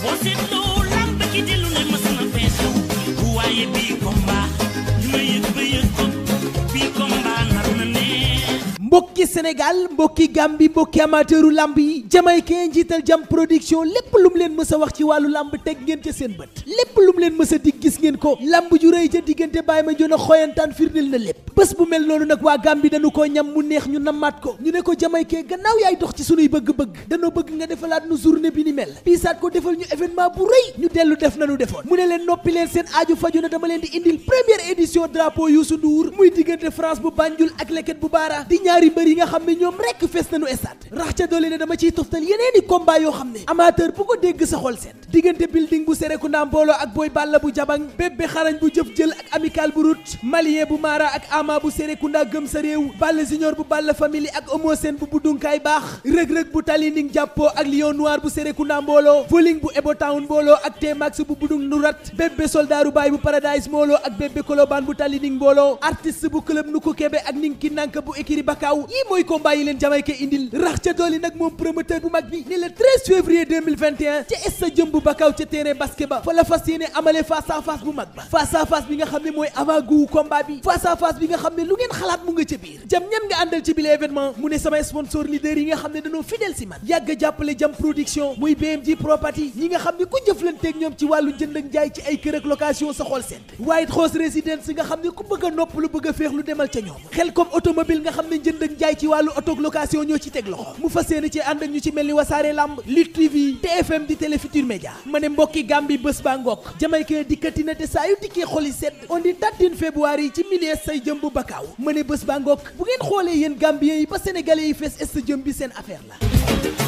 What's it look? mbokki Sénégal mbokki Gambie mbokki amateuru lamb yi jamaykee njiital jam production lépp lu mu leen mës a wax ci wàllu làmb teg ngeen ca seen bët lépp lu leen mës a dig gis ngeen ko lamb ju rëy ca diggante baay ma jon a xoyantaan firndeel na lépp bés bu mel noonu nag waa Gambie dañu koo ñam mu neex ñu namaat ko ñu ne ko jamaykee gannaaw yaay dox ci sunuy bëgg-bëgg danoo bëgg nga defalaat nu journée bi ni mel piisaat ko defal ñu événement bu rëy ñu dellu defoon mu ne leen noppi leen seen aaju faju na leen di indil première édition bu Banjul ak yi nga xam ne ñoom rekk fees nañu stade rax ca doole ne dama ciy toftal yeneen i combat yoo xam ne amateur bu ko dégg sa xol seet diggante building bu Serekunda mbooloo ak Boy Balla bu jabang bébbe xarañ bu jëf jël ak amical bu rut bu maara ak ama bu Serekunda gëm sa réew Balla junior bu Balla family ak Homo Sène bu buddunkaay baax rëg-rëg bu tali ning jàppoo ak lion noir bu Serekunda mbooloo voling bu Ebo Town mbooloo ak T-Max bu budung nurat bébbe soldaaru baay bu paradise mbooloo ak bébbe kolobaan bu tali mbooloo artiste bu club ko kebe ak ning ki nank bu ékiri bakaaw lii mooy combat yi leen Jamaïque indil rax ca dooli nag moom promoteur bu mag bi ne le 13 février 2021 ca stade bu Bakau ca terrain basket fa la fas yéene amale face à bu mag ba face à bi nga xam ne mooy avant combat bi face à bi nga xam ne lu ngeen xalaat mu nga ca biir jam ñan nga àndal ci bile événement mu ne samay sponsor leader yi nga xam ne dañoo fidèle si man yàgg jàppale jam production muy BMG property ñi nga xam ne ku jëflanteeg ñoom ci gaay ci wàllu autolocation location ñoo ci teg loxo mu fas yéene ci ànd ak ñu ci mel ni wasaare lamb Lutte TV TFM di Télé Futurs ma ne mbokki Gambie bés ba ngokk jamaykee dikkati na te saa yu dikkee xoli sedd on dit tattin février yi ci milieu say jëm bu bakaaw ma ne bés ba ngokk bu ngeen xoolee yéen Gambien yi ba Sénégalais yi fees est jëm bi seen affaire la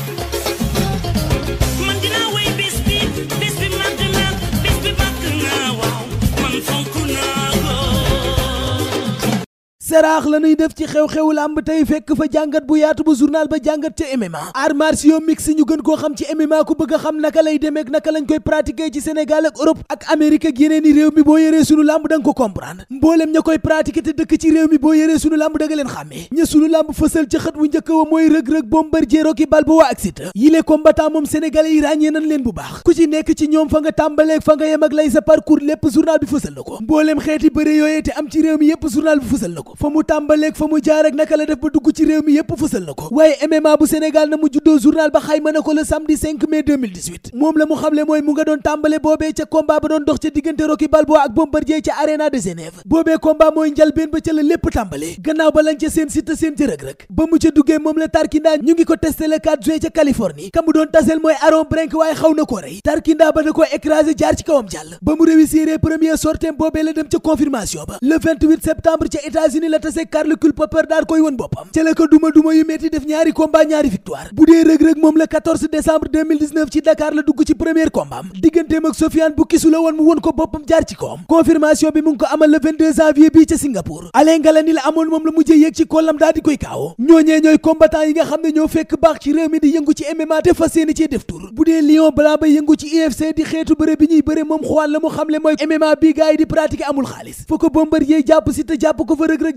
seraax la ñuy def ci xew xew làmb tey fekk fa jàngat bu yaatu bu journal ba jàngat ca MMA arts martiaux mixtes ñu gën koo xam ci MMA ko bëgg xam naka lay demeek ak naka lañ koy pratiquer ci Sénégal ak Europe ak Amérique ak yeneen i réew mi boo yëree sunu làmb da nga ko comprendre mbooleem ña koy pratiquer te dëkk ci réew mi boo yëree sunu làmb da nga leen xàmmee ña sunu làmb fësal ca xët wu njëkk wa mooy rëg-rëg Bombardier Rocky Balboa ak Siteu yi les combattants moom sénégalais yi ràññee nañ leen bu baax ku ci nekk ci ñoom fa nga tàmbaleeg nga yem ak lay sa parcours lépp journal bi fësal la ko mbooleem xeeti bëre yooyee te am ci réew mi yépp journal bi fësal la ko fa mu tàmbaleeg fa mu jaar ak naka la def ba dugg ci réew mi yépp fësal na ko waaye MMA bu Sénégal na mu juddoo journal ba xayma na ko le samedi mai moom la mu xamle mooy mu nga doon tàmbale boobee ca combat ba doon dox ca diggante Rocky Balboa ak Bombardier ca Arena de Genève boobee combat mooy njalbeen ba ca lépp tàmbale gannaaw ba lañ ca seen Siteu seen ca Reug ba mu ca duggee moom la Tarkinda ñu ngi ko testé le 4 ca Californie ka mu doon la tase Karl Culpeper daal koy won boppam ci ko duma duma yu metti def ñaari combat ñaari victoire bu dee rëg-rëg moom la décembre ci Dakar la dugg ci premier combat digganteem ak Sofiane bu kisu la woon mu won ko boppam jaar ci koom confirmation bi mu ngi ko amal le 22 janvier ca Singapour Alain la amoon moom la mujjee yéeg ci kollam daal koy kaawo ñooñee ñooy combattant yi nga xam ne ñoo fekk baax ci réew mi di yëngu ci MMA te fa ko Bombardier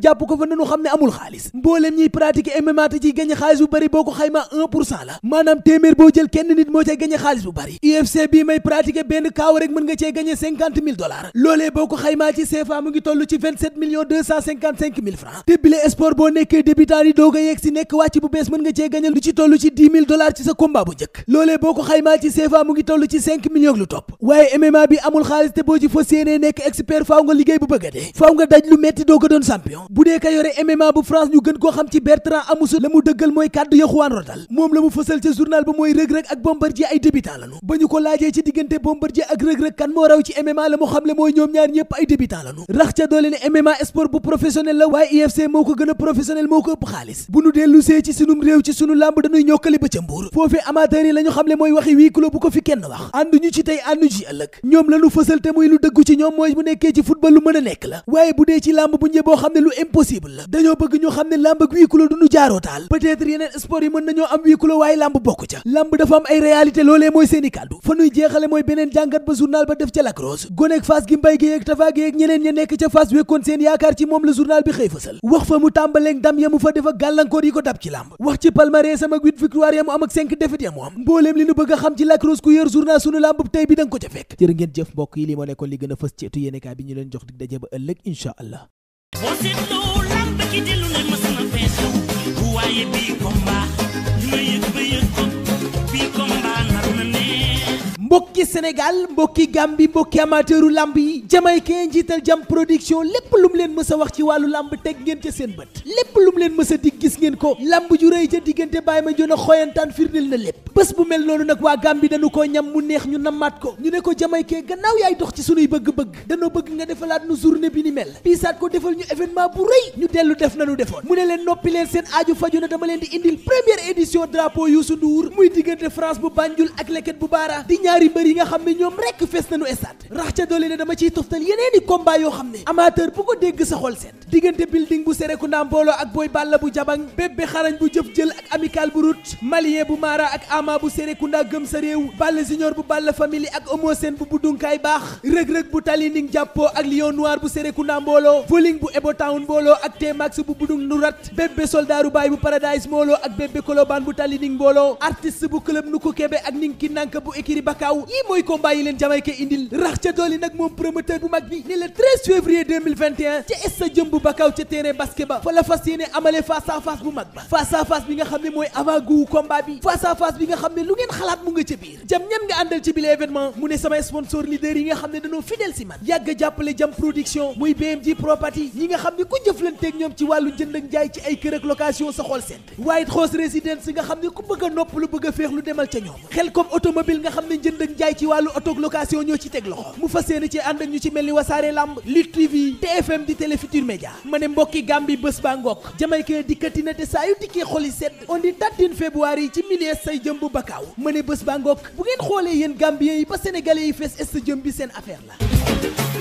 jàpp ko fa nanu xam ne amul xaalis mbooleem ñiy pratiquer MMA te ciy gañe xaalis bu bari boo ko xayma un pour cent la maanaam téeméer boo jël kenn nit moo cay gañe xaalis bu bari UFC bii may pratiquer benn kaaw rek mën nga cee gañe cinquante mille dollars loolee boo ko xaymaa ci CFA mu ngi toll ci vingt sept millions deux cent cinquante cinq mille francs te bile sport boo nekkee débutant yi doog a yegg si nekk wàcc bu bees mën nga cee gañe lu ci toll ci dix mille dollars ci amul xaalis te boo ci fa séenee nekk a dee faaw ko doon champion bu dee ka yore MMA bu France ñu gën koo xam ci Bertrand Amusu la mu dëggal mooy kàddu ya Juan moom la mu fësal ca journal ba mooy rëg-rëg ak Bombardier ay débutant lañu ba ñu ko laajee ci diggante Bombardier ak rëg-rëg kan moo raw ci MMA la mu xamle mooy ñoom ñaar ñëpp ay débutant lañu rax ca doole ne MMA sport bu professionnel la waaye UFC moo ko gën professionnel moo ko ëpp xaalis bu nu dellu see ci sunum réew ci sunu làmb dañuy ñokkali ba impossible la dañoo bëgg ñu xam ne lamb ak huis clos du ñu jaaroo taal peut-être yeneen sport yi mën nañoo am huis waaye lamb bokk ca lamb dafa am ay réalité loolee mooy seeni kàddu fa nuy jeexale mooy beneen jàngat ba journal ba def ca lacrosse goneeg Fass gi mbay géyeeg Tafa géyeeg ñeneen ña nekk ca Fass wekkoon seen yaakaar ci moom la journal bi xëy fësal wax fa mu tàmbaleeg ndam ya mu fa def gàllankoor yi ko dab ci lamb wax ci palmarès a xam ci yi li moo nekkoon li gën a fës boo seetloo lamb ki di lu ne mas na feesu waaye bii combat li ma mbokki Sénégal mbokki Gambie mbokki amateuru lamb yi jamaïcain njiital jam production lépp lum leen mës a wax ci wàllu làmb teg ngeen ca seen bët lépp lum leen mës a gis ngeen ko lamb ju rëy ca diggante Baye Mandione xoyantaan firndeel na lépp bés bu mel noonu nag waa Gambie dañu koo ñam mu neex ñu namaat ko ñu ne ko jamaïcain gannaaw yaay dox ci sunuy bëgg-bëgg danoo bëgg nga defalaat nu journée bi ni mel piisaat ko defal ñu événement bu rëy ñu dellu defoon mu ne leen noppi leen seen aaju faju leen di indil première édition drapeau bu Banjul ak ñaari mbër yi nga xam ne ñoom rekk fees nañu stade rax ca doole ne dama ciy toftal yeneen i combat yoo xam ne amateur bu ko dégg sa xol seet diggante building bu Serekunda mbooloo ak Boy Balla bu jabang bébbe xarañ bu jëf jël ak amical bu rut malien bu maara ak ama bu Serekunda gëm sa réew Balla junior bu Balla family ak Homo Sène bu buddunkaay baax rëg-rëg bu tali ning jàppoo ak lion noir bu Serekunda mbooloo voling bu Ebo Town mbooloo ak T-Max bu budung nurat bébbe soldaaru baay bu paradise ak bébbe kolobaan bu tali ning mbooloo artiste bu club nu ko kebe ak ning ki nank bu ékiri yii mooy combat yi leen Jamaïque indil rax ca dooli nag moom promoteur bu mag bi ni le 13 février 2021 ca esta jëmb bakaaw ca terrain basket fa la fas yéene amale face à bu mag ba face à bi nga xam ne mooy avant guu combat bi face à bi nga xam ne lu ngeen xalaat mu nga ca biir jam ñan nga àndal ci bile événement mu ne sama sponsor leader yi nga xam ne dañoo fidèle si man yàgg jàppale jam production muy BMG property yi nga xam ne ku jëflanteeg ñoom ci jaay ci wàllu auto location ñoo ci teg loxo mu fas yéene ci ànd ak ñu ci mel ni wasaare lamb Lutte TV fm di Télé Futurs ma ne mbokki Gambie bés ba ngokk jamaykee dikkati na te saa yu dikkee xoli sedd on dit tattin février yi ci miliers say jëm bu bakkaaw ma ne bés ba ngokk bu ngeen xoolee yéen Gambiens yi ba Sénégalais yi fees est jëm bi seen affaire la